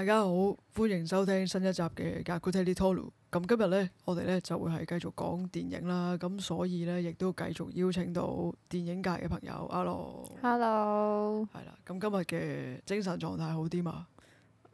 大家好，歡迎收聽新一集嘅《Gaguetti Tolo》。咁今日咧，我哋咧就會係繼續講電影啦。咁所以咧，亦都繼續邀請到電影界嘅朋友，阿羅。Hello。係啦 Hello，咁今日嘅精神狀態好啲嘛？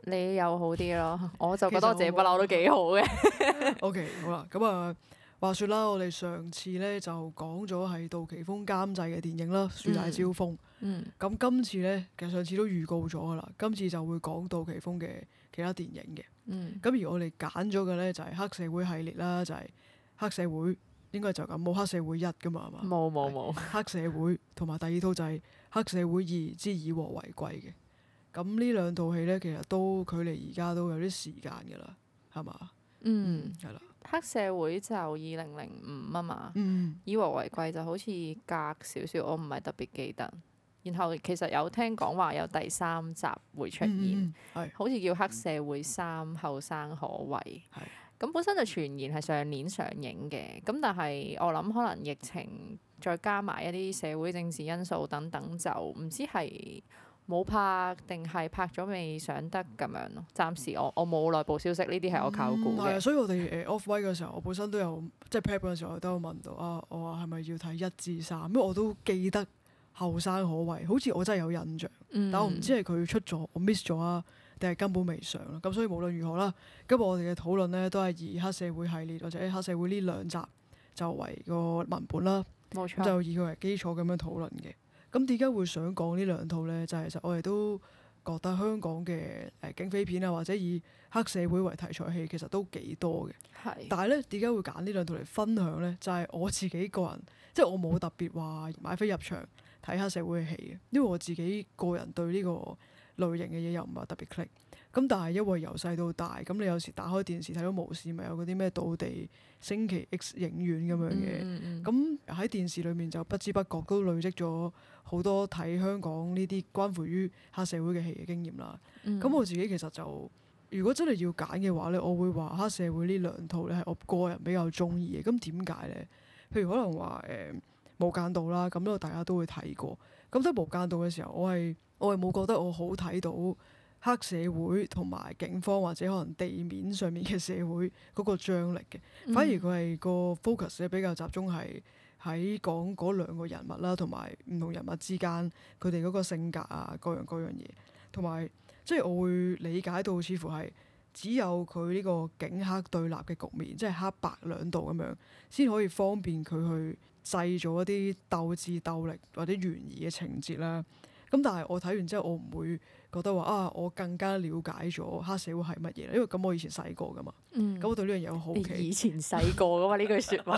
你又好啲咯？我就覺得自己不嬲都幾好嘅。 好 OK，好啦，咁啊，話說啦，我哋上次咧就講咗係杜琪峰監製嘅電影啦，嗯，《樹大招風》。嗯，咁今次咧，其實上次都預告咗噶啦，今次就會講杜琪峰嘅其他電影嘅。嗯，咁而我哋揀咗嘅咧就係、是、黑社會系列啦，就係、是、黑社會應該就咁冇黑社會一噶嘛，係嘛？冇冇冇。哎、 黑社會同埋第二套就係黑社會二之以和為貴嘅。咁呢兩套戲咧，其實都距離而家都有啲時間噶、嗯嗯、啦，係嘛？嗯，係啦。黑社會就二零零五啊嘛。嗯。以和為貴就好似隔少少，我唔係特別記得。然後其實有聽講話有第三集會出現，嗯、好似叫《黑社會三後生可畏》是。係咁本身就傳言係上年上映嘅，咁但係我諗可能疫情再加埋一啲社會政治因素等等，就唔知係冇拍定係拍咗未上得咁樣咯。暫時我我冇內部消息，呢啲係我靠估嘅。係、嗯、所以我哋 off Way 嘅時候，我本身都有即係、就是、prep 嘅時候，我都有問到啊，我話係咪要睇一至三？咩我都記得。後生可畏，好似我真係有印象，嗯、但我唔知係佢出咗，我 miss 咗啊，定係根本未上啦。咁所以無論如何啦，今日我哋嘅討論呢，都係以黑社會系列或者黑社會呢兩集就為個文本啦，冇錯就以佢為基礎咁樣討論嘅。咁點解會想講呢兩套呢？就係、是、其實我哋都覺得香港嘅誒警匪片啊，或者以黑社會為題材戲，其實都幾多嘅。是但係呢，點解會揀呢兩套嚟分享呢？就係、是、我自己個人，即、就、係、是、我冇特別話買飛入場。睇黑社會嘅戲，因為我自己個人對呢個類型嘅嘢又唔係特別 click 咁，但係因為由細到大，咁你有時打開電視睇到無線咪有嗰啲咩倒地星期 X 影院咁樣嘅，咁喺、嗯嗯嗯、電視裏面就不知不覺都累積咗好多睇香港呢啲關乎於黑社會嘅戲嘅經驗啦。咁、嗯嗯、我自己其實就如果真係要揀嘅話咧，我會話黑社會呢兩套咧係我個人比較中意嘅。咁點解咧？譬如可能話誒。呃無間道啦，咁呢個大家都會睇過。咁即係無間道嘅時候，我係我係冇覺得我好睇到黑社會同埋警方或者可能地面上面嘅社會嗰個張力嘅，反而佢係個 focus 比較集中係喺講嗰兩個人物啦，同埋唔同人物之間佢哋嗰個性格啊，各樣各樣嘢，同埋即係我會理解到，似乎係只有佢呢個警黑對立嘅局面，即係黑白兩道咁樣，先可以方便佢去。製造咗一啲鬥智鬥力或者懸疑嘅情節啦，咁但係我睇完之後，我唔會覺得話啊，我更加了解咗黑社會係乜嘢，因為咁我以前細個噶嘛，咁、嗯、我對呢樣嘢好好奇。以前細個噶嘛呢 句説話，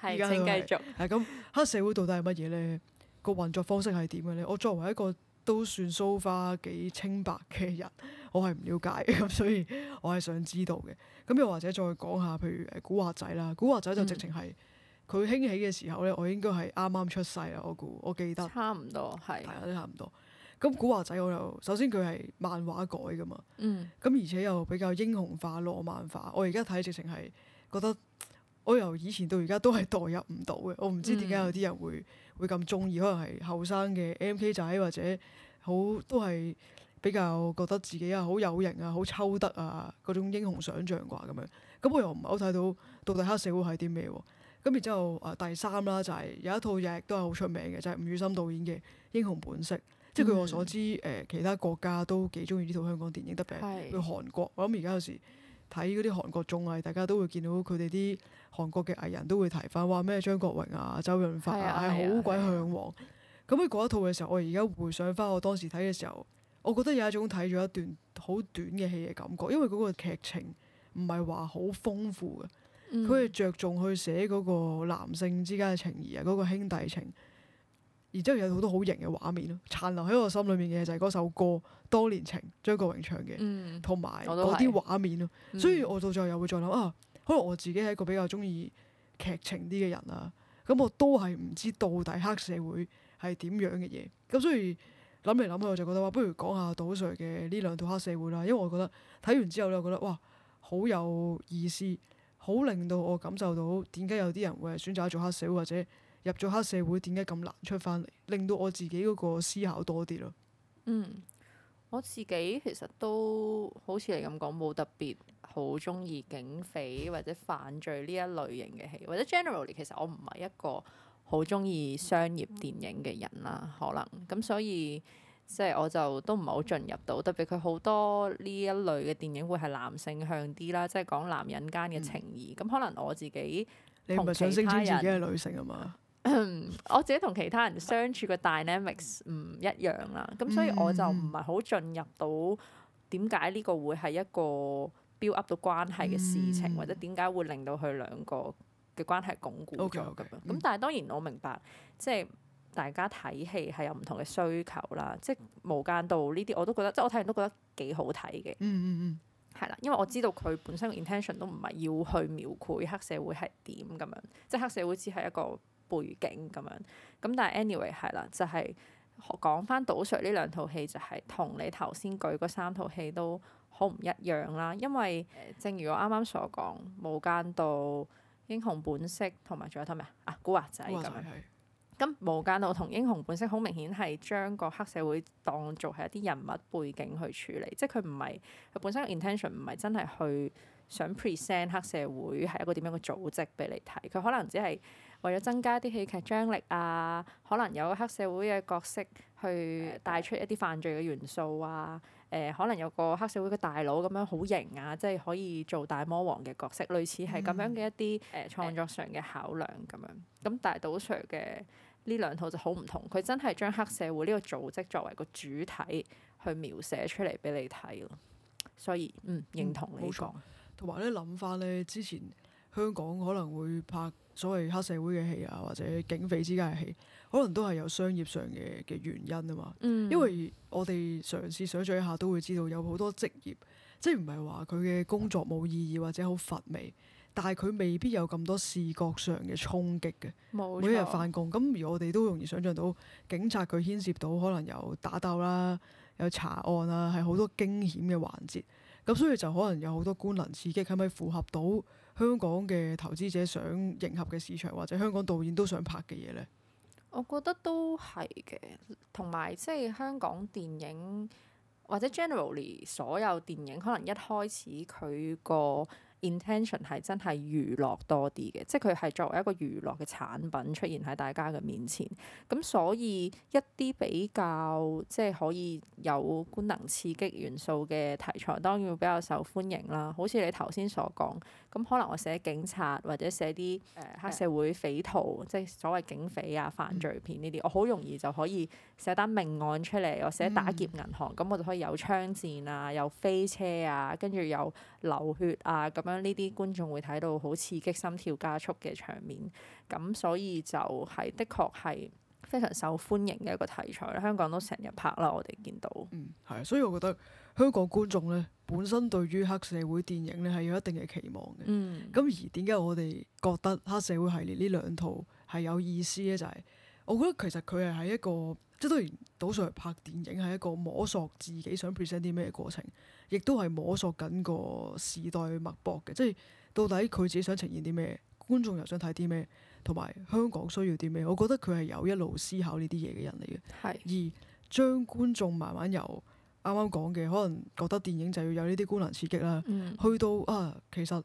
係請咁，黑社會到底係乜嘢咧？個運作方式係點嘅咧？我作為一個都算 so far 幾清白嘅人，我係唔了解咁，所以我係想知道嘅。咁又或者再講下，譬如誒古惑仔啦，古惑仔就直情係、嗯。佢興起嘅時候咧，我應該係啱啱出世啦。我估，我記得差唔多係係啊，都差唔多。咁古惑仔我就，我又首先佢係漫畫改㗎嘛，咁、嗯、而且又比較英雄化、浪漫化。我而家睇直情係覺得，我由以前到而家都係代入唔到嘅。我唔知點解有啲人會會咁中意，可能係後生嘅 MK 仔或者好都係比較覺得自己啊好有型啊、好抽得啊嗰種英雄想像啩咁樣。咁我又唔係好睇到到底黑社會係啲咩喎？咁然之後誒、呃、第三啦，就係、是、有一套劇都係好出名嘅，就係、是、吳宇森導演嘅《英雄本色》，即係據我所知誒、嗯呃，其他國家都幾中意呢套香港電影，特別係去韓國。是我諗而家有時睇嗰啲韓國綜藝，大家都會見到佢哋啲韓國嘅藝人都會提翻話咩張國榮啊、周潤發啊，係好、啊、鬼嚮往、啊。咁喺嗰一套嘅時候，我而家回想翻我當時睇嘅時候，我覺得有一種睇咗一段好短嘅戲嘅感覺，因為嗰個劇情唔係話好豐富嘅。佢係着重去寫嗰個男性之間嘅情義啊，嗰、嗰個兄弟情，然之後有好多好型嘅畫面咯。殘留喺我心裏面嘅就係嗰首歌《當年情》，張國榮唱嘅，同埋嗰啲畫面咯。所以我到最後又會再諗啊，可能我自己係一個比較中意劇情啲嘅人啊。咁我都係唔知到底黑社會係點樣嘅嘢。咁所以諗嚟諗去，我就覺得話不如講下杜 Sir 嘅呢兩套黑社會啦，因為我覺得睇完之後咧，我覺得哇，好有意思。好令到我感受到，點解有啲人會係選擇做黑社會或者入咗黑社會，點解咁難出返嚟？令到我自己嗰個思考多啲囉。嗯，我自己其實都好似你咁講，冇特別好鍾意警匪或者犯罪呢一類型嘅戲，或者 generally 其實我唔係一個好鍾意商業電影嘅人啦，可能。咁所以。即係我就都唔係好進入到，特別佢好多呢一類嘅電影會係男性向啲啦，即係講男人間嘅情義。咁、嗯、可能我自己同其他人自己係女性啊嘛， 我自己同其他人相處嘅 dynamics 唔一樣啦。咁、嗯、所以我就唔係好進入到點解呢個會係一個 build up 到關係嘅事情，嗯、或者點解會令到佢兩個嘅關係鞏固咗咁樣。咁 Okay, okay,、嗯、但係當然我明白，即係。大家睇戲係有唔同嘅需求啦，即係《無間道》呢啲我都覺得， 即我睇完都覺得幾好睇嘅。嗯係 啦，因為我知道佢本身 intention 都唔係要去描繪黑社會係點咁樣， 即黑社會只係一個背景咁樣。咁但係 anyway 係啦，就係講翻杜 Sir 呢兩套戲、就是，就係同你頭先舉嗰三套戲都好唔一樣啦。因為正如我啱啱所講，《無間道》、《英雄本色》同埋仲有套咩啊，啊《古惑仔》咁、就是、樣 咁《無間道》同《英雄本色》好明顯係將個黑社會當做係一啲人物背景去處理，即係佢唔係佢本身嘅 intention 唔係真係去想 present 黑社會係一個點樣嘅組織俾你睇。佢可能只係為咗增加一啲戲劇張力啊，可能有個黑社會嘅角色去帶出一啲犯罪嘅元素啊。誒，可能有個黑社會嘅、啊呃、大佬咁樣好型啊，即係可以做大魔王嘅角色，類似係咁樣嘅一啲誒、嗯呃呃、創作上嘅考量咁樣。咁但係杜 Sir 嘅。呢兩套就好唔同，佢真係將黑社會呢個組織作為個主體去描寫出嚟俾你睇咯。所以，嗯，認、嗯嗯、同、這個、冇錯你講。同埋咧，諗翻咧，之前香港可能會拍所謂黑社會嘅戲啊，或者警匪之間嘅戲，可能都係有商業上嘅嘅原因啊嘛。嗯、因為我哋嘗試想象一下，都會知道有好多職業，即係唔係話佢嘅工作冇意義或者好乏味。但係佢未必有咁多視覺上嘅衝擊嘅，冇錯。每日返工。咁而我哋都容易想象到警察佢牽涉到可能有打鬥啦，有查案啊，係好多驚險嘅環節。咁所以就可能有好多官能刺激，係咪符合到香港嘅投資者想迎合嘅市場，或者香港導演都想拍嘅嘢呢？我覺得都係嘅，同埋即係香港電影或者 generally 所有電影，可能一開始佢個 intention 係真係娛樂多啲嘅，即係佢係作為一個娛樂嘅產品出現喺大家嘅面前。咁所以一啲比較即係可以有官能刺激元素嘅題材，當然會比較受歡迎啦。好似你頭先所講，咁可能我寫警察或者寫啲誒黑社會匪徒，Yeah. 即係所謂警匪啊、犯罪片呢啲，我好容易就可以寫單命案出嚟，我寫打劫銀行，咁、mm. 我就可以有槍戰啊，有飛車啊，跟住有流血啊咁樣。呢啲觀眾會睇到好刺激、心跳加速嘅場面，咁所以就係的確係非常受歡迎嘅一個題材啦。香港都成日拍啦，我哋見到。嗯，係，所以我覺得香港觀眾咧，本身對於黑社會電影咧係有一定嘅期望嘅。嗯，咁而點解我哋覺得黑社會系列呢兩套係有意思咧？就係我覺得其實佢係喺一個。即係當然，倒上去拍電影係一個摸索自己想 present 啲咩過程，亦都係摸索緊個時代脈搏嘅。即係到底佢自己想呈現啲咩，觀眾又想睇啲咩，同埋香港需要啲咩？我覺得佢係有一路思考呢啲嘢嘅人嚟嘅。是而將觀眾慢慢由啱啱講嘅，可能覺得電影就要有呢啲官能刺激啦，嗯、去到啊，其實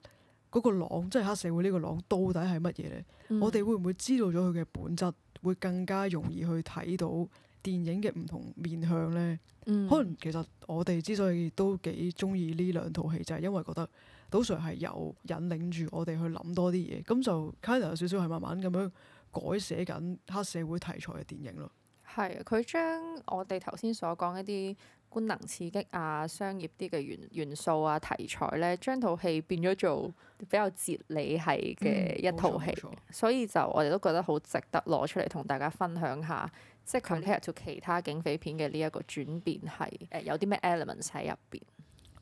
嗰個廊，即、就、係、是、黑社會呢個廊，到底係乜嘢咧？嗯、我哋會唔會知道咗佢嘅本質，會更加容易去睇到？電影嘅唔同面向咧，嗯、可能其實我哋之所以都幾中意呢兩套戲，就係、是、因為覺得杜 Sir 係有引領住我哋去諗多啲嘢，咁就《卡特有少少係慢慢咁樣改寫緊黑社會題材嘅電影咯。係，佢將我哋頭先所講一啲官能刺激啊、商業啲嘅元元素啊、題材咧，將套戲變咗做比較哲理系嘅一套戲，嗯、所以就我哋都覺得好值得攞出嚟同大家分享下。即係 compare to 其他警匪片嘅呢一個轉變係誒、呃、有啲咩 elements 喺入邊？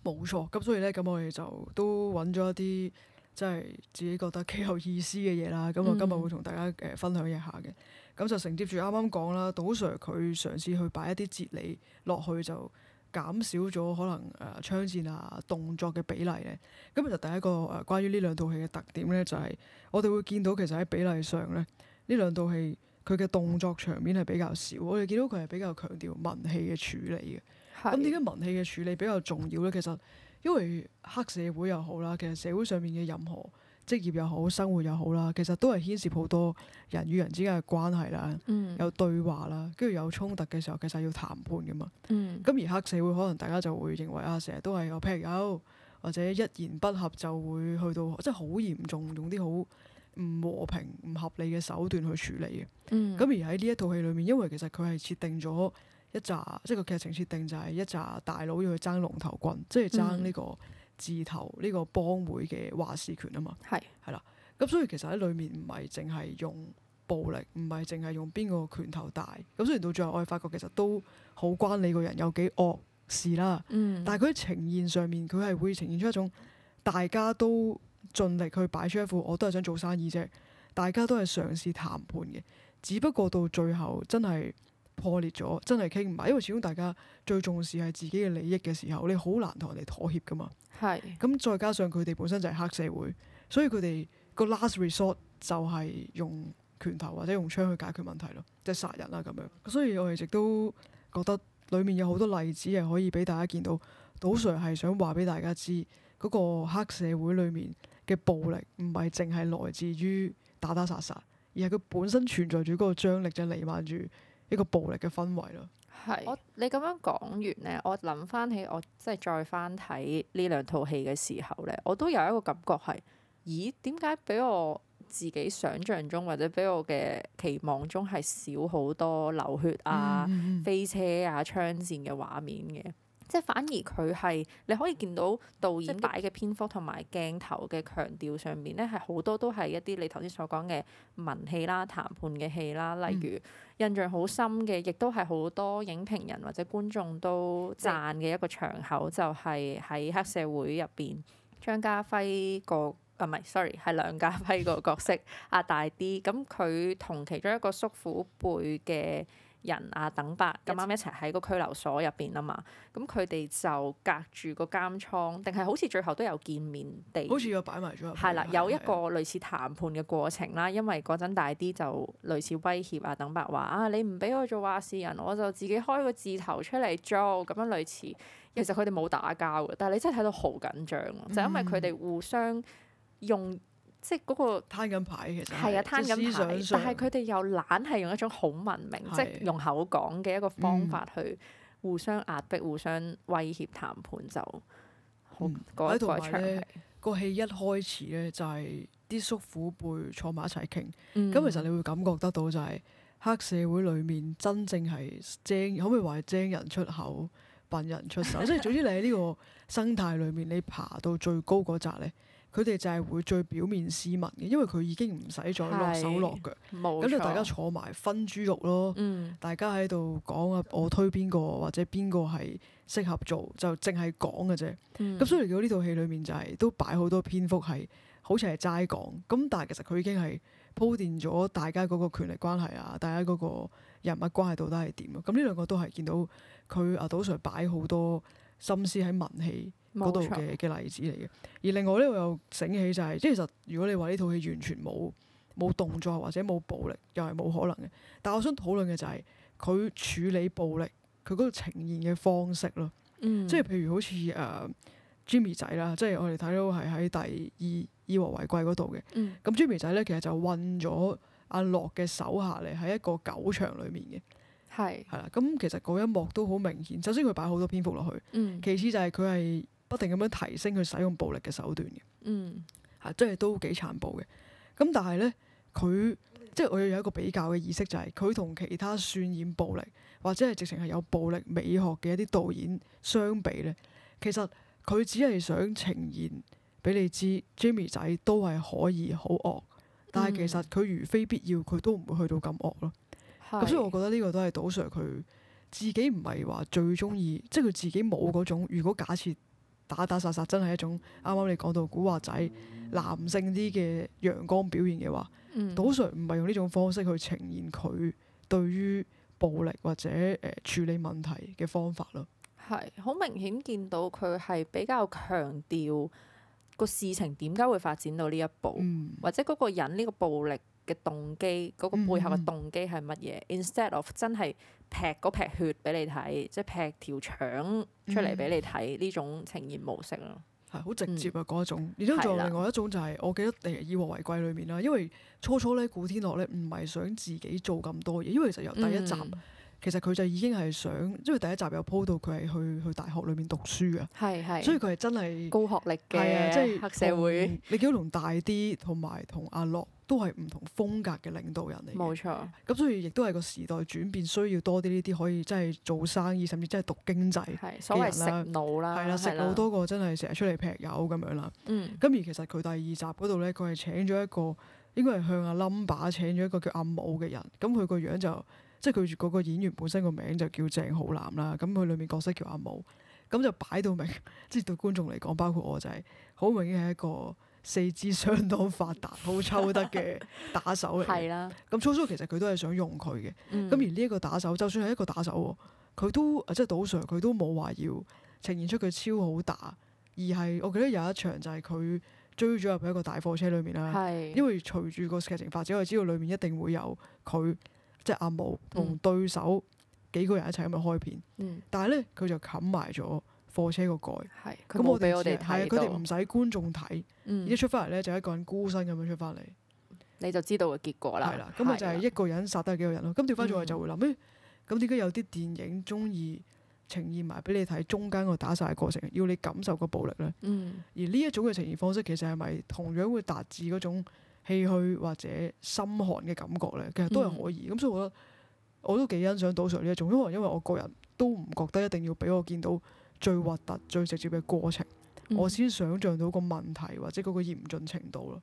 冇錯，咁所以咧，咁我哋就都揾咗一啲即係自己覺得幾有意思嘅嘢啦。咁我今日會同大家誒、呃、分享一下嘅。咁、嗯、就承接住啱啱講啦，杜 Sir 佢嘗試去擺一啲哲理落去，就減少咗可能誒、呃、槍戰啊、動作嘅比例咧。咁其實第一個誒、呃、關於呢兩套戲嘅特點咧，就係、是、我哋會見到其實喺比例上咧，呢兩套戲。佢嘅動作場面係比較少，我哋見到佢係比較強調文氣嘅處理嘅。咁點解文氣嘅處理比較重要咧？其實因為黑社會又好啦，其實社會上面嘅任何職業又好、生活又好啦，其實都係牽涉好多人與人之間嘅關係啦，嗯、有對話啦，跟住有衝突嘅時候，其實要談判㗎嘛。咁、嗯、而黑社會可能大家就會認為啊，成日都係有劈友，或者一言不合就會去到即係好嚴重，用啲好，唔和平唔合理嘅手段去處理嘅，咁、嗯、而喺呢一套戲裏面，因為其實佢係設定咗一紮，即係個劇情設定就係一紮大佬要去爭龍頭棍，即係、嗯、爭呢個字頭呢、呢個幫會嘅話事權啊嘛，係係啦，咁所以其實喺裏面唔係淨係用暴力，唔係淨係用邊個拳頭大，咁雖然到最後我哋發覺其實都好關你個人有幾惡事啦，嗯、但係佢喺呈現上面佢係會呈現出一種大家都。盡力去擺出一副，我都係想做生意啫。大家都係嘗試談判嘅，只不過到最後真係破裂咗，真係傾唔埋。因為始終大家最重視係自己嘅利益嘅時候，你好難同人哋妥協噶嘛。係是。咁再加上佢哋本身就係黑社會，所以佢哋個 last resort 就係用拳頭或者用槍去解決問題咯，即係殺人啦、啊、咁樣。所以我哋一直都覺得裡面有好多例子係可以俾大家見到。杜 Sir 係想話俾大家知，嗰、那個黑社會裡面。嘅暴力唔係淨係來自於打打殺殺，而係佢本身存在住嗰個張力，就彌漫住一個暴力嘅氛圍咯。係，我你咁樣講完咧，我諗翻起我即係再翻睇呢兩套戲嘅時候咧，我都有一個感覺，係咦？點解俾我自己想象中或者俾我嘅期望中係少好多流血啊、嗯、飛車啊、槍戰嘅畫面嘅？即係反而佢係你可以見到導演擺嘅篇幅同埋鏡頭嘅強調上面咧，係好是多都係一啲你頭先所講嘅文戲啦、談判嘅戲啦。例如印象好深嘅，亦都係好多影評人或者觀眾都讚嘅一個場口，是就係喺黑社會入邊張家輝個啊唔係 sorry 係梁家輝個角色阿 大 D，咁佢同其中一個叔父輩嘅。人啊，鄧伯咁啱一齊喺個拘留所入邊啊嘛，咁佢哋就隔住個監倉，定係好似最後都有見面地，好似又擺埋咗。係啦的，的有一個類似談判嘅過程啦，因為嗰陣大 D 就類似威脅啊，鄧伯話啊，你唔俾我做話事人，我就自己開個字頭出嚟 join 咁樣類似。其實佢哋冇打交㗎，但係你真係睇到好緊張咯，嗯、就因為佢哋互相用。即係、那、嗰個攤緊牌其實，係啊攤緊牌，但係佢哋又懶係用一種好文明，的即係用口講嘅一個方法去互相壓逼、嗯、互相威脅談判，就好過、嗯、一個場。個戲一開始咧就係、是、啲、嗯、叔父輩坐埋一齊傾，咁、嗯、其實你會感覺得到就係黑社會裏面真正係精，可唔可以話係精人出口、笨人出手？ 即係總之你喺呢個生態裏面，你爬到最高嗰層咧。佢哋就係會最表面試問嘅，因為佢已經唔使再落手落腳，咁就大家坐埋分豬肉咯，嗯、大家喺度講啊，我推邊個或者邊個係適合做，就淨係講嘅啫。咁、嗯、所以如果呢套戲裏面就係、是、都擺好多篇幅係好似係齋講，咁但係其實佢已經係鋪墊咗大家嗰個權力關係啊，大家嗰個人物關係到底係點咯。咁呢兩個都係見到佢阿 d o c r 擺好多心思喺文戲。嗰度嘅嘅例子嚟嘅，而另外咧我又醒起就係、是，即係其實如果你話呢套戲完全冇冇動作或者冇暴力，又係冇可能嘅。但我想討論嘅就係、是、佢處理暴力佢嗰個呈現嘅方式咯，嗯、即係譬如好似誒、呃、Jimmy 仔啦，即係我哋睇到係喺第二以和為貴嗰度嘅，咁、嗯、Jimmy 仔咧其實就困咗阿樂嘅手下嚟喺一個狗場裏面嘅，係係啦。咁其實嗰一幕都好明顯，首先佢擺好多篇幅落去，其次就係佢係。一定咁樣提升佢使用暴力嘅手段嘅，嗯啊，嗯，吓即係都幾殘暴嘅。咁但係咧，佢即係我要有一個比較嘅意識就係、是，佢同其他渲染暴力或者係直情係有暴力美學嘅一啲導演相比咧，其實佢只係想呈現俾你知，Jimmy 仔都係可以好惡，但係其實佢如非必要，佢都唔會去到咁惡咯。咁、嗯、所以我覺得呢個都係杜 Sir 佢自己唔係話最中意，嗯、即係佢自己冇嗰種。如果假設打打殺殺真係一種啱啱你講到古惑仔男性啲嘅陽光表現嘅話，杜 Sir 唔係用呢種方式去呈現佢對於暴力或者誒、呃、處理問題嘅方法咯。係好明顯見到佢係比較強調個事情點解會發展到呢一步，嗯、或者嗰個人呢個暴力嘅動機嗰、那個背後嘅動機係乜嘢？Instead of 真係劈嗰劈血俾你睇，即係劈條腸出嚟俾你睇呢、嗯、種呈現模式咯，係好直接啊嗰一種。然之後仲有另外一種就係、是、的我記得誒《以和為貴》裏面啦，因為初初咧古天樂咧唔係想自己做咁多嘢，因為其實由第一集、嗯、其實佢就已經係想，因為第一集有鋪到佢係去去大學裏面讀書啊，係係的，所以佢係真係高學歷嘅，即係黑社會。你同大啲，同埋同阿樂，都係唔同風格嘅領導人嚟嘅，冇錯。咁所以亦都係個時代轉變需要多啲呢啲可以真係做生意，甚至真係讀經濟嘅人啦。係啦，食腦啦，係啦，食腦多過真係成日出嚟劈友咁樣啦。嗯。咁而其實佢第二集嗰度咧，佢係請咗一個應該係向阿冧把請咗一個叫阿武嘅人。咁佢個樣就即係佢嗰個演員本身個名就叫鄭浩南啦。咁佢裡面角色叫阿武，咁就擺到明，即 係對觀眾嚟講，包括我就係好明顯係一個。四肢相當發達，好抽得嘅打手嚟。咁初初其實佢都係想用佢嘅。咁、嗯、而呢一個打手，就算係一個打手喎，佢都即係賭 s 佢都冇話要呈現出佢超好打，而係我記得有一場就係佢追咗入去一個大貨車裏面啦。是的 因為隨住個劇情發展，我哋知道裏面一定會有佢即係阿毛同對手，嗯、幾個人一齊咁去開片。嗯、但係咧，佢就冚埋咗貨車個蓋係咁，我俾我哋睇佢哋唔使觀眾睇，嗯、一出翻嚟咧就是，一個人孤身咁樣出翻嚟，你就知道個結果啦。咁咪就係一個人殺得幾個人咯？咁調翻轉嚟就會諗誒，咁點解有啲電影中意呈現埋俾你睇中間個打晒嘅過程，要你感受個暴力咧？嗯、而呢一種嘅呈現方式其實係咪同樣會達至嗰種唏噓或者心寒嘅感覺咧？其實都係可以咁，嗯、所以我覺得我都幾欣賞杜 Sir 呢一種，因為因為我個人都唔覺得一定要俾我見到。最核突、最直接嘅過程，嗯、我先想像到個問題或者嗰個嚴峻程度啦。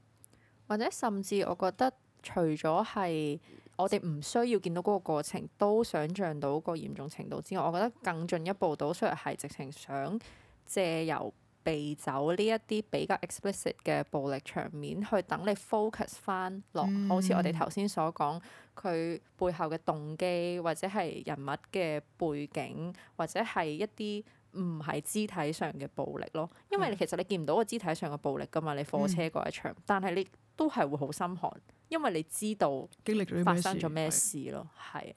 或者甚至我覺得，除咗係我哋唔需要見到嗰個過程，都想像到個嚴重程度之外，我覺得更進一步到，雖然係直情想借由避走呢一啲比較 explicit 嘅暴力場面，去等你 focus 翻落好似、嗯、我哋頭先所講佢背後嘅動機，或者係人物嘅背景，或者係一啲。唔係肢體上嘅暴力咯，因為你其實你見唔到個肢體上嘅暴力噶嘛，你貨車嗰一場，嗯、但係你都係會好心寒，因為你知道經歷裏面發生咗咩事咯，係。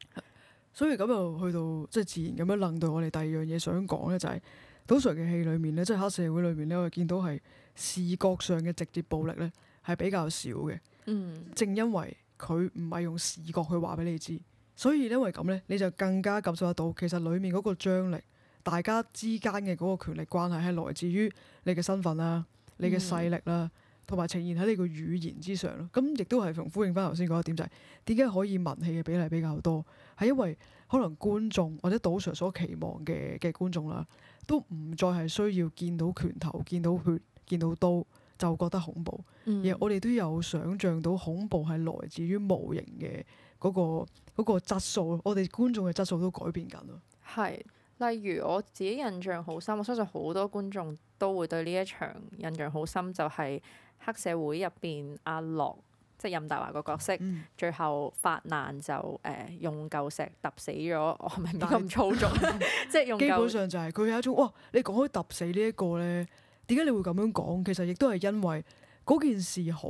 所以咁又去到即係、就是、自然咁樣楞到我哋第二樣嘢想講咧，就係通常嘅戲裏面咧，即、就、係、是、黑社會裏面咧，我見到係視覺上嘅直接暴力咧係比較少嘅，嗯，正因為佢唔係用視覺去話俾你知，所以因為咁咧，你就更加感受得到其實裏面嗰個張力。大家之間嘅嗰個權力關係係來自於你嘅身份啦、啊、你嘅勢力啦、啊，同埋呈現喺你個語言之上咯。咁亦都係從呼應翻頭先講一點、就係，就係點解可以文戲嘅比例比較多，係因為可能觀眾或者杜 Sir 所期望嘅嘅觀眾啦，都唔再係需要見到拳頭、見到血、見到刀就覺得恐怖。嗯、而我哋都有想像到恐怖係來自於模型嘅嗰、嗰個嗰、嗰個嗰個、質素，我哋觀眾嘅質素都改變緊咯。係。例如我自己印象好深，我相信好多觀眾都會對呢一場印象好深，就係、是、黑社會入邊阿樂，即、就是、任達華個角色，嗯、最後發難就誒、呃、用嚿石揼死咗，我係咪咁粗俗？即係、哦、是 用基本上就係、是、佢有一種，哇！你講開揼死呢、這、一個咧，點解你會咁樣講？其實亦都係因為嗰件事好。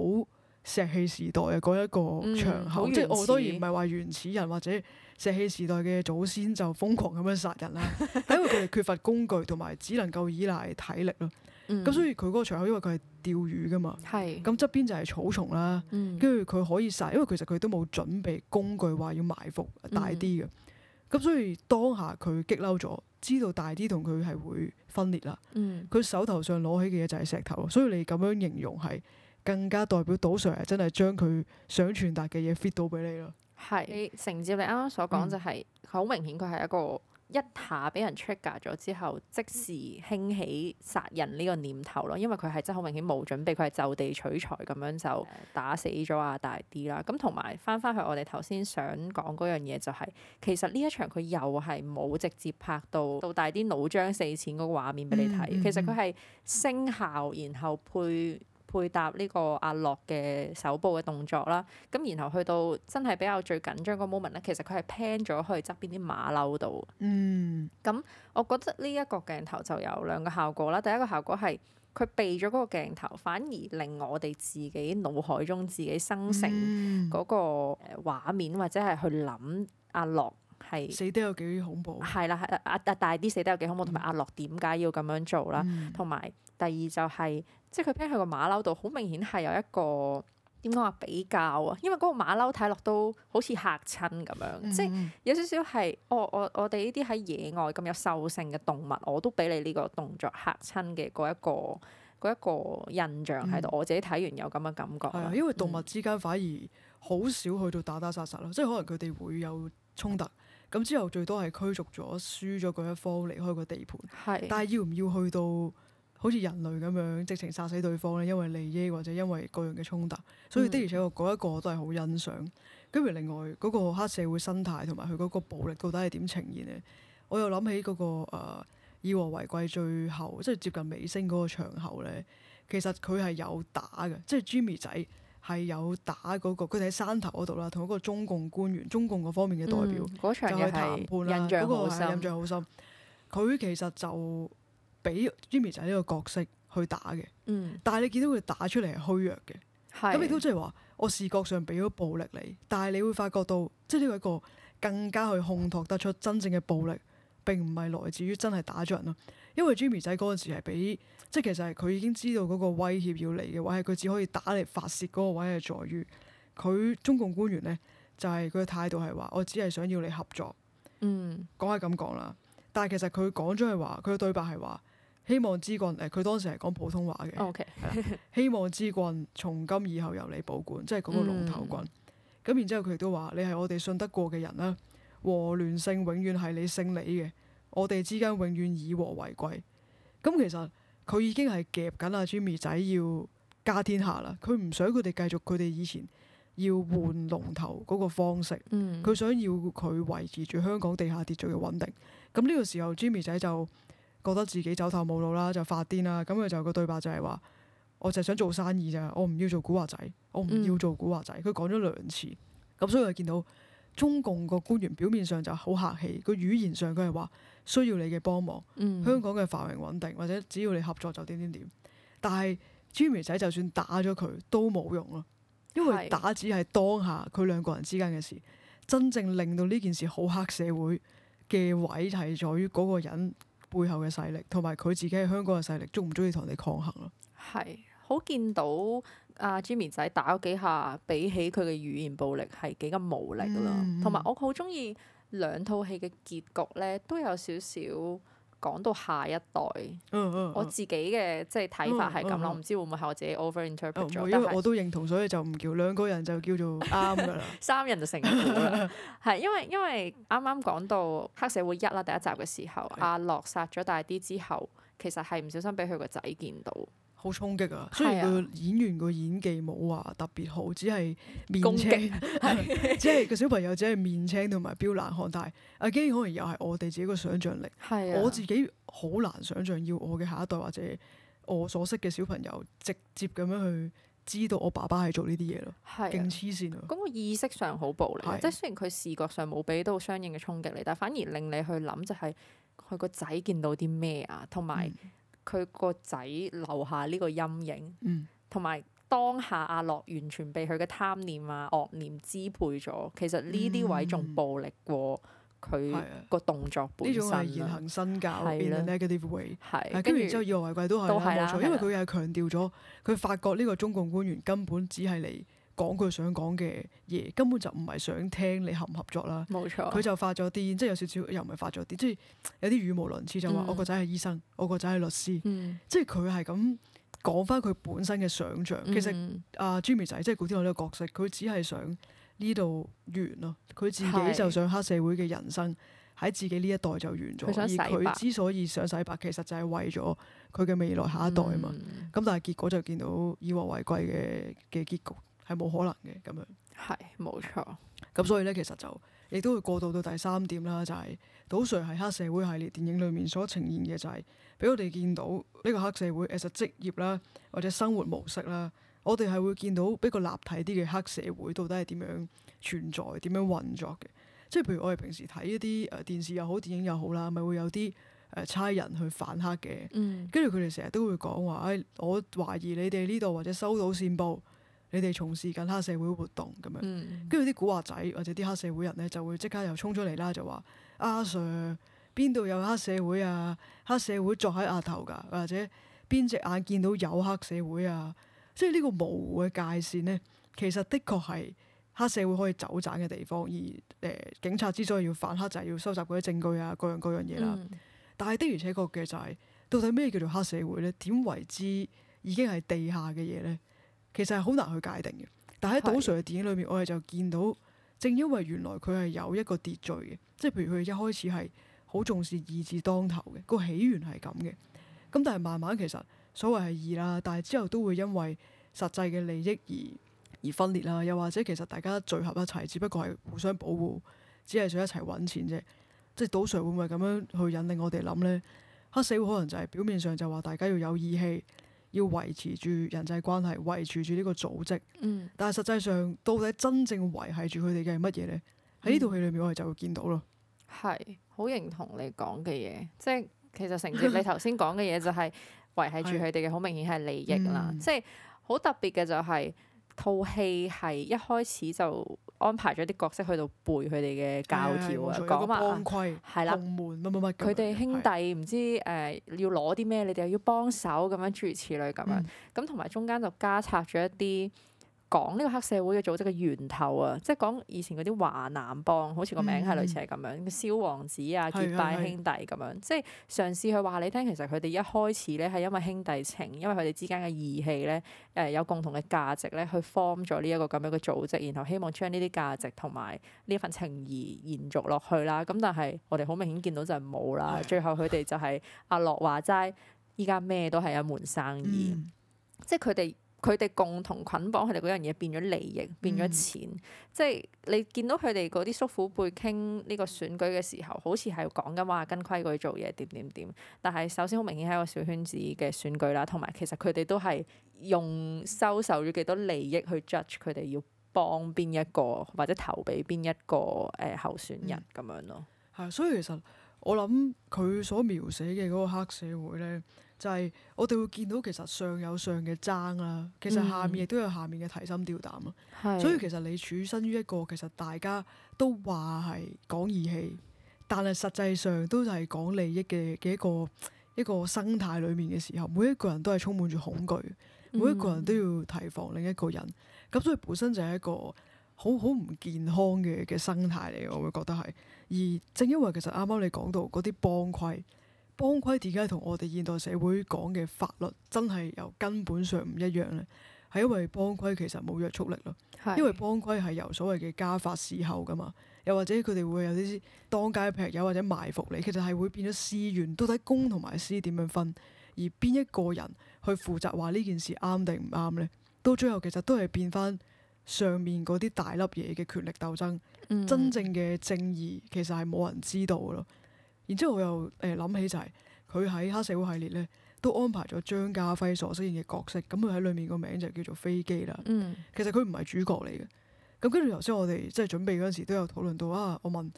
石器時代嘅嗰一個場口，嗯、即係我當然唔係話原始人或者石器時代嘅祖先就瘋狂咁樣殺人啦，係 因為佢哋缺乏工具同埋只能夠依賴體力咯。咁、嗯、所以佢嗰個場口，因為佢係釣魚噶嘛，咁側是邊就係草叢啦，跟住佢可以殺，因為其實佢都冇準備工具話要埋伏大啲嘅。咁、嗯、所以當下佢激嬲咗，知道大啲同佢係會分裂啦。佢、嗯、手頭上攞起嘅嘢就係石頭，所以你咁樣形容係。更加代表杜 Sir 係真係將佢想傳達嘅嘢 fit 到俾你咯。係，承接你啱啱所講就係、是、好、嗯、明顯佢係一個一,一下俾人 trigger 咗之後，即時興起殺人呢個念頭咯。因為佢係真好明顯冇準備，佢係就地取材咁樣就打死咗啊。大 D 啦。咁同埋翻翻去我哋頭先想講嗰樣嘢就係、是，其實呢一場佢又係冇直接拍到到大 D 老張死前嗰個畫面俾你睇。嗯嗯、其實佢係聲效，然後配。配搭呢個阿樂嘅手部嘅動作啦，咁然後去到真係比較最緊張個 moment 咧，其實佢係 pan 咗去側邊啲馬騮度。嗯，咁、嗯、我覺得呢一個鏡頭就有兩個效果啦。第一個效果係佢避咗嗰個鏡頭，反而令我哋自己腦海中自己生成嗰個畫面，或者係去諗阿樂係死得有幾恐怖。係啦係啦，阿大啲死得有幾恐怖，同埋阿樂點解要咁樣做啦，同埋、嗯。第二就係、是，即係佢聽去個馬騮度好明顯係有一個點講話比較啊，因為嗰個馬騮睇落都好似嚇親咁樣，嗯嗯，即係有少少係、哦、我我我哋呢啲喺野外咁有獸性嘅動物，我都俾你呢個動作嚇親嘅嗰一個嗰一個印象喺度。嗯、我自己睇完有咁嘅感覺，因為動物之間反而好少去到打打殺殺咯，嗯、即係可能佢哋會有衝突，咁之後最多係驅逐咗輸咗嗰一方離開個地盤，係的，的但係要唔要去到？好似人類咁樣，直情殺死對方咧，因為利益或者因為各樣嘅衝突，所以的而且確嗰一個我都係好欣賞。跟住另外嗰個黑社會生態同埋佢嗰個暴力到底係點呈現呢？我又諗起嗰個、呃、《以和為貴》最後即係接近尾聲嗰個場口咧，其實佢係有打嘅，即係 Jimmy 仔係有打嗰個。佢哋喺山頭嗰度啦，同一個中共官員、中共嗰方面嘅代表嗰、嗯、場嘅談判啦，嗰個係印象好深。佢其實就俾 Jimmy 仔呢個角色去打嘅，嗯、但係你見到佢打出嚟係虛弱嘅，咁亦都即係話我視覺上俾咗暴力你，但係你會發覺到即係呢個一個更加去烘托得出真正嘅暴力，並唔係來自於真係打咗人咯。因為 Jimmy 仔嗰陣時係俾即係其實係佢已經知道嗰個威脅要嚟嘅話，係佢只可以打嚟發洩嗰個位係在於佢中共官員呢，就係佢嘅態度係話我只係想要你合作，嗯，講係咁講啦，但係其實佢講咗係話佢嘅對白係話。希望之棍，誒、呃、佢當時係講普通話嘅。Okay. 希望之棍從今以後由你保管，即係嗰個龍頭棍。咁、mm. 然之後佢都話：你係我哋信得過嘅人啦，和聯勝永遠係你姓李嘅。我哋之間永遠以和為貴。咁其實佢已經係夾緊阿 Jimmy 仔要家天下啦。佢唔想佢哋繼續佢哋以前要換龍頭嗰個方式。佢、mm. 想要佢維持住香港地下秩序嘅穩定。咁呢個時候 Jimmy 仔就。覺得自己走投無路啦，就發癲啦。咁佢就個對白就係話：我就係想做生意咋，我唔要做古惑仔，我唔要做古惑仔。佢、嗯、講咗兩次咁，所以我就見到中共個官員表面上就好客氣，個語言上佢係話需要你嘅幫忙，嗯、香港嘅繁榮穩定，或者只要你合作就點點點。但係 Jimmy 仔就算打咗佢都冇用咯，因為打只係當下佢兩個人之間嘅事，真正令到呢件事好黑社會嘅位係在於嗰個人。背後嘅勢力，同埋佢自己喺香港嘅勢力，中唔中意同人哋抗衡咯？係，好見到阿、啊、Jimmy 仔打咗幾下，比起佢嘅語言暴力係幾咁無力噶啦。同埋、嗯、我好中意兩套戲嘅結局咧，都有少少。講到下一代，uh, uh, uh, 我自己嘅即係睇法係咁咯，唔、uh, uh, 知會唔會係我自己 overinterpret 咗？因為我都認同，所以就唔叫兩個人就叫做啱噶啦，三人就成功啦 因為因為啱啱講到黑社會一，啦第一集嘅時候，阿樂是的、啊、殺咗大 D 之後，其實係唔小心俾佢個仔見到。冇衝擊啊！雖然個演員個演技冇話特別好，只係面青，即係個小朋友只係面青同埋飆冷汗，但係 again 可能又係我哋自己個想像力。是啊、我自己好難想像要我嘅下一代或者我所識嘅小朋友直接咁樣去知道我爸爸係做呢啲嘢咯，勁黐線啊！咁個意識上好暴力。是啊、即係雖然佢視覺上冇俾到相應嘅衝擊你，但係反而令你去諗就係佢個仔見到啲咩啊，同埋。佢個仔留下呢個陰影，同埋、嗯、當下阿樂完全被佢嘅貪念啊、惡念支配咗。其實呢啲位仲暴力過佢個動作本身。呢種係言行身教變 negative way。係，跟住之後以和為貴都係啦，都係啦，冇錯，因為佢又強調咗，佢發覺呢個中共官員根本只係嚟。講佢想講嘅嘢，根本就唔係想聽你合唔合作啦。冇錯，佢就發咗癲，即係有少少又唔係發咗癲，即係有啲語無倫次，就話我個仔係醫生，嗯、我個仔係律師，嗯、即係佢係咁講翻佢本身嘅想像。嗯、其實阿、啊、Jimmy 仔，即係古天樂呢個角色，佢只係想呢度完咯，佢自，是自己就想黑社會嘅人生喺自己呢一代就完咗，而佢之所以想洗白，其實就係為咗佢嘅未來下一代啊嘛。咁、嗯嗯、但係結果就見到以和為貴嘅嘅結局。係冇可能嘅咁樣，係冇錯。咁所以咧，其實就亦都會過渡到第三點啦，就係杜 Sir 係黑社會系列電影裏面所呈現嘅、就係，就係俾我哋見到呢個黑社會其實職業啦，或者生活模式啦，我哋係會見到比較立體啲嘅黑社會到底係點樣存在、點樣運作嘅。即係譬如我哋平時睇一啲誒、呃、電視又好、電影又好啦，咪會有啲誒差人去反黑嘅。跟住佢哋成日都會講話，誒、哎，我懷疑你哋呢度或者收到線報。你哋從事緊黑社會活動咁樣，跟住啲古惑仔或者啲黑社會人咧就會即刻又衝出嚟啦，就話阿、啊、Sir 邊度有黑社會啊？黑社會坐喺額頭㗎，或者邊隻眼見到有黑社會啊？即係呢個模糊嘅界線咧，其實的確係黑社會可以走盞嘅地方，而誒、呃、警察之所以要反黑就係要收集嗰啲證據啊，各樣各樣嘢啦。嗯、但係的而且確嘅就係、是，到底咩叫做黑社會咧？點為之已經係地下嘅嘢咧？其實係好難去界定嘅，但係喺杜 Sir 嘅電影裏面，的我哋就見到，正因為原來佢係有一個秩序嘅，即係譬如佢一開始係好重視義字當頭嘅，個起源係咁嘅。咁但係慢慢其實所謂係義啦，但係之後都會因為實際嘅利益而而分裂啦，又或者其實大家聚合一齊，只不過係互相保護，只係想一齊揾錢啫。即係杜 Sir 會唔會咁樣去引領我哋諗呢？黑社會可能就係表面上就話大家要有義氣。要維持住人際關係，維持住呢個組織。嗯，但係實際上到底真正維係住佢哋嘅係乜嘢咧？喺呢套戲裏面，嗯、我哋就會見到咯。係，好認同你講嘅嘢，即係其實承接你頭先講嘅嘢，就係維係住佢哋嘅好明顯係利益啦。嗯、即係好特別嘅就係、是。套戲係一開始就安排咗啲角色去到背佢哋嘅教條啊，講悶啊，係啦，佢哋兄弟唔知誒、呃、要攞啲咩，你哋又要幫手咁樣，諸如此類咁樣，咁同埋中間就加插咗一啲。講呢個黑社會嘅組織嘅源頭啊，即係講以前嗰啲華南幫，嗯、好似個名係類似係咁樣，少、嗯、王子啊、結拜兄弟咁樣，嗯、即係嘗試去話你聽，其實佢哋一開始咧係因為兄弟情，因為佢哋之間嘅義氣咧，誒、呃、有共同嘅價值咧、呃，去 form 咗呢一個咁樣嘅組織，然後希望將呢啲價值同埋呢份情義延續落去啦。咁但係我哋好明顯見到就係冇啦，嗯、最後佢哋就係阿、啊、樂話齋，依家咩都係一門生意，嗯嗯、即係佢哋。佢哋共同捆綁佢哋嗰樣嘢變咗利益，變咗錢，嗯、即係你見到佢哋嗰啲叔父輩傾呢個選舉嘅時候，好似係講緊話跟規矩做嘢點點點，但係首先好明顯係一個小圈子嘅選舉啦，同埋其實佢哋都係用收受咗幾多利益去 judge 佢哋要幫邊一個或者投俾邊一個誒、呃、候選人咁、嗯、樣咯，係，所以其實。我諗佢所描寫嘅嗰個黑社會咧，就係、是、我哋會見到其實上有上嘅爭啦，其實下面亦都有下面嘅提心吊膽啦。嗯、所以其實你處身於一個其實大家都話係講義氣，但係實際上都係講利益嘅嘅一個一個生態裏面嘅時候，每一個人都係充滿住恐懼，每一個人都要提防另一個人。咁、嗯、所以本身就係一個好好唔健康嘅嘅生態嚟，我會覺得係。而正因為其實啱啱你講到嗰啲幫規，幫規點解同我哋現代社會講嘅法律真係由根本上唔一樣咧？係因為幫規其實冇約束力咯，是因為幫規係由所謂嘅家法伺候㗎嘛，又或者佢哋會有啲當街劈友或者埋伏你，其實係會變咗私怨。到底公同埋私點樣分？而邊一個人去負責話呢件事啱定唔啱咧？到最後其實都係變翻。上面嗰啲大粒嘢嘅權力鬥爭，嗯、真正嘅正義其實係冇人知道咯。然之後我又誒諗、呃、起就係佢喺黑社會系列咧都安排咗張家輝所飾演嘅角色，咁佢喺裏面個名就叫做飛機啦。嗯、其實佢唔係主角嚟嘅。咁跟住頭先我哋即係準備嗰時都有討論到啊。我問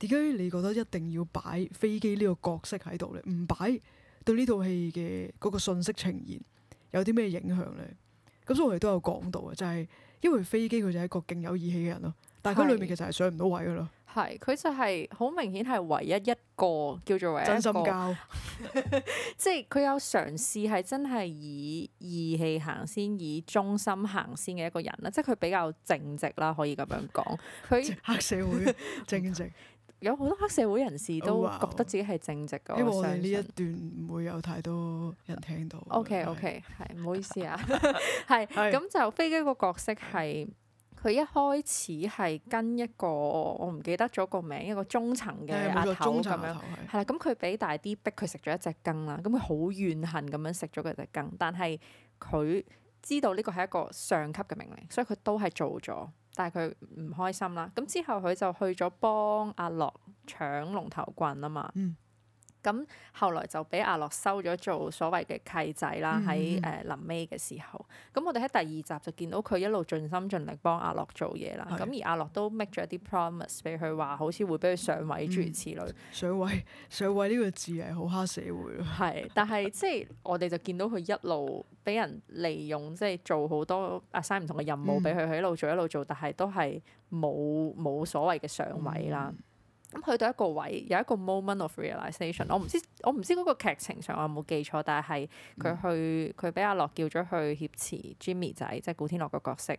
點解你覺得一定要擺飛機呢個角色喺度咧？唔擺對呢套戲嘅嗰個信息呈現有啲咩影響咧？咁所以我哋都有講到啊，就係、是。因為飛機佢就係一個勁有義氣嘅人咯，是但係佢裏面其實係上唔到位噶咯。係，佢就係好明顯係唯一一個叫做唯一一個真心交， 即係佢有嘗試係真係以義氣行先，以忠心行先嘅一個人啦。即係佢比較正直啦，可以咁樣講。佢 黑社會正直。 有好多黑社會人士都覺得自己係正直嘅。因為呢一段唔會有太多人聽到。OK，OK，係，唔好意思啊。係，咁就飛機個角色係，佢一開始係跟一個我唔記得咗個名，一個中層嘅阿頭咁樣。係啦，咁佢俾大 D 逼佢食咗一隻羹啦，咁佢好怨恨咁樣食咗佢隻羹，但係佢知道呢個係一個上級嘅命令，所以佢都係做咗。但係佢唔開心啦，咁之後佢就去咗幫阿樂搶龍頭棍吖嘛。嗯咁後來就俾阿樂收咗做所謂嘅契仔啦，喺誒臨尾嘅時候，咁我哋喺第二集就見到佢一路盡心盡力幫阿樂做嘢啦，咁是而阿樂都 make 咗啲 promise 俾佢話，好似會俾佢上位諸如此類、嗯。上位上位呢個字係好黑社會。係，但係 即係我哋就見到佢一路俾人利用，即、就、係、是、做好多阿 s 生唔同嘅任務俾佢，佢、嗯、一路做一路做，但係都係冇冇所謂嘅上位啦。嗯。咁去到一個位，有一個 moment of realization，我唔知我唔知嗰個劇情上我有冇記錯，但係佢去佢俾阿樂叫咗去挾持 Jimmy 仔，即係古天樂個角色。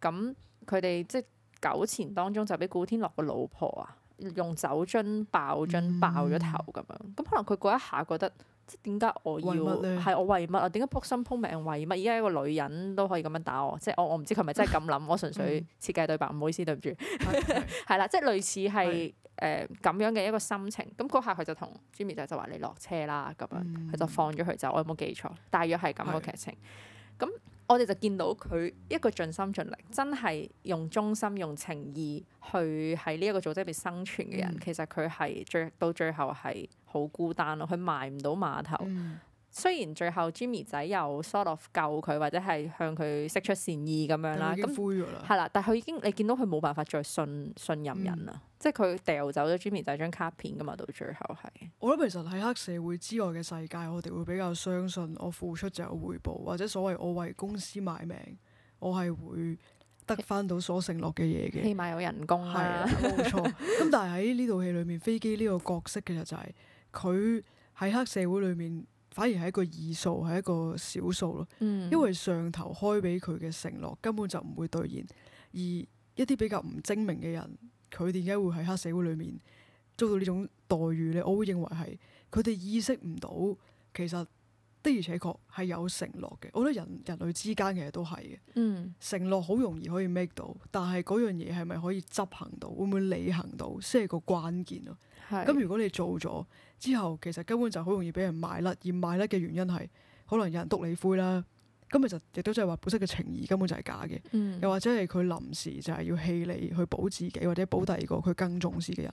咁佢哋即係糾纏當中就俾古天樂個老婆啊，用酒樽爆樽爆咗頭咁樣，咁、嗯、可能佢嗰一下覺得。即，點解我要係我為乜啊？點解撲心撲命為乜？而家一個女人都可以咁樣打我，即我我唔知佢係咪真係咁諗， 我純粹設計對白，唔好意思，對唔住，係啦， 即類似係誒咁樣嘅一個心情。咁嗰刻佢就同 Jimmy 仔就話你落車啦，咁樣佢、嗯、就放咗佢走。我有冇記錯，大約係咁個劇情。咁是我哋就見到佢一個盡心盡力，真係用忠心用情義去喺呢一個組織裏面生存嘅人，嗯、其實佢係最到最後係。好孤單咯，佢埋唔到碼頭。嗯、雖然最後 Jimmy 仔又 sort of 救佢，或者係向佢釋出善意咁樣啦。咁灰咗啦，係啦，但係佢已經你見到佢冇辦法再信信任人啦。嗯、即係佢掉走咗 Jimmy 仔張卡片噶嘛，到最後係。我諗其實喺黑社會之外嘅世界，我哋會比較相信我付出就有回報，或者所謂我為公司賣命，我係會得翻到所承諾嘅嘢嘅。起碼有人工啦，係啦，冇錯。咁 但係喺呢套戲裏面，飛機呢個角色其實就係、是。佢喺黑社會裏面，反而係一個異數，係一個少數咯。因為上頭開俾佢嘅承諾根本就唔會兌現。而一啲比較唔精明嘅人，佢點解會喺黑社會裏面遭到呢種待遇咧？我會認為係佢哋意識唔到其實。的而且確係有承諾嘅，我覺得人人類之間其實都係嘅。嗯、承諾好容易可以 make 到，但係嗰樣嘢係咪可以執行到，會唔會履行到，先係個關鍵咯。咁是如果你做咗之後，其實根本就好容易俾人賣甩，而賣甩嘅原因係可能有人督你灰啦。咁其實亦都即係話本身嘅情義根本就係假嘅，嗯、又或者係佢臨時就係要棄你去保自己，或者保第二個佢更重視嘅人，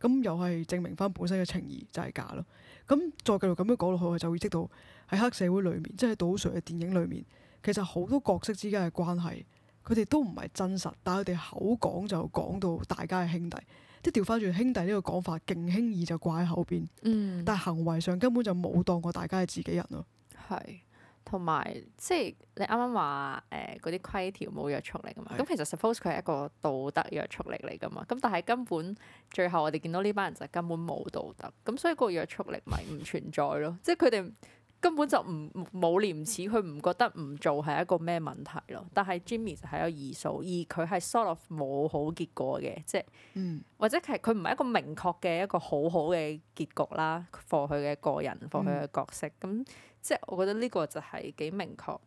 咁又係證明翻本身嘅情義就係假咯。咁再繼續咁樣講落去，我就會知道。喺黑社會裏面，即係杜 Sir 嘅電影裏面，其實好多角色之間嘅關係，佢哋都唔係真實，但佢哋口講就講到大家係兄弟，即係調翻轉兄弟呢個講法，勁輕易就掛喺口邊。嗯，但係行為上根本就冇當過大家係自己人咯。係，同埋即係你啱啱話誒嗰啲規條冇約束力㗎嘛？咁是其實 suppose 佢係一個道德約束力嚟㗎嘛？咁但係根本最後我哋見到呢班人就根本冇道德，咁所以個約束力咪唔存在咯。即係佢哋。根本就唔冇廉恥，佢唔覺得唔做係一個咩問題咯。但係 Jimmy 就係一個異數，而佢係 sort of 冇好結果嘅，即係、嗯、或者係佢唔係一個明確嘅一個好好嘅結局啦。for 佢嘅個人，for 佢嘅角色，咁、嗯、即係我覺得呢個就係幾明確。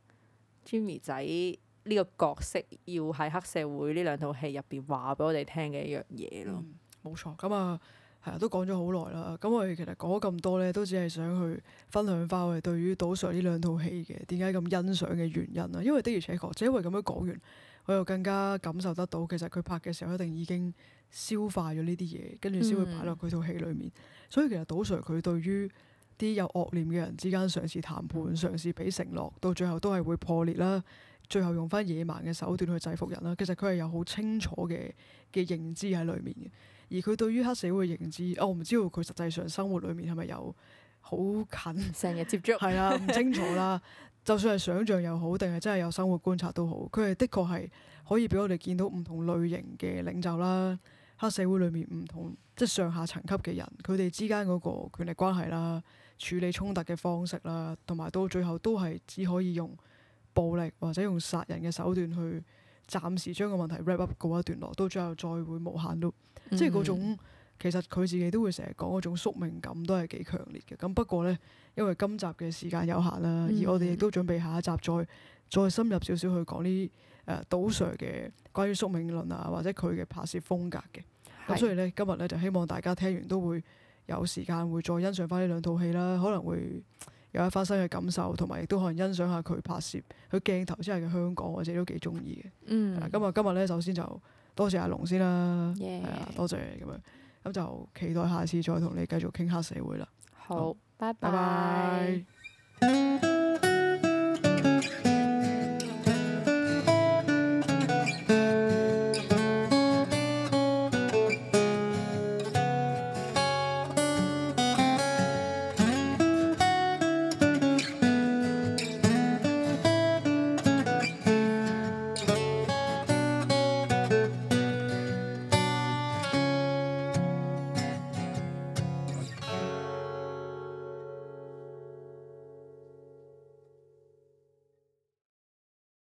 Jimmy 仔呢個角色要喺黑社會呢兩套戲入邊話俾我哋聽嘅一樣嘢咯。冇、嗯、錯，咁啊。係啊，都講咗好耐啦。咁我哋其實講咁多咧，都只係想去分享翻我哋對於杜 Sir 呢兩套戲嘅點解咁欣賞嘅原因啦。因為的確，就係因為咁樣講完，我又更加感受得到，其實佢拍嘅時候一定已經消化咗呢啲嘢，跟住先會擺落佢套戲裡面。嗯、所以其實杜 Sir 佢對於啲有惡念嘅人之間嘗試談判、嗯、嘗試俾承諾，到最後都係會破裂啦。最後用翻野蠻嘅手段去制服人啦。其實佢係有好清楚嘅嘅認知喺裡面嘅。而佢對於黑社會嘅認知，我、哦、唔知道佢實際上生活裡面係咪有好近成日接觸， 係啦，唔清楚啦。 就算係想像又好，定係真係有生活觀察都好，佢係的確係可以俾我哋見到唔同類型嘅領袖啦，黑社會裡面唔同即係上下層級嘅人，佢哋之間嗰個權力關係啦，處理衝突嘅方式啦，同埋到最後都係只可以用暴力或者用殺人嘅手段去。暫時將個問題 wrap up 過一段落，到最後再會無限囉，即係嗰種、嗯、其實佢自己都會成日講嗰種宿命感都係幾強烈嘅。咁不過呢，因為今集嘅時間有限啦，嗯、而我哋亦都準備下一集再再深入少少去講呢誒杜 Sir 嘅關於宿命論啊，或者佢嘅拍攝風格嘅。咁所以呢，今日呢，就希望大家聽完都會有時間會再欣賞返呢兩套戲啦，可能會。有一翻新嘅感受，同埋亦都可能欣賞下佢拍攝佢鏡頭之下嘅香港，我自己都幾中意嘅。嗯，咁啊，今日咧首先就多謝阿龍先啦，係啊 Yeah.，多謝咁樣，咁就期待下次再同你繼續傾黑社會啦。好，好，拜拜。拜拜。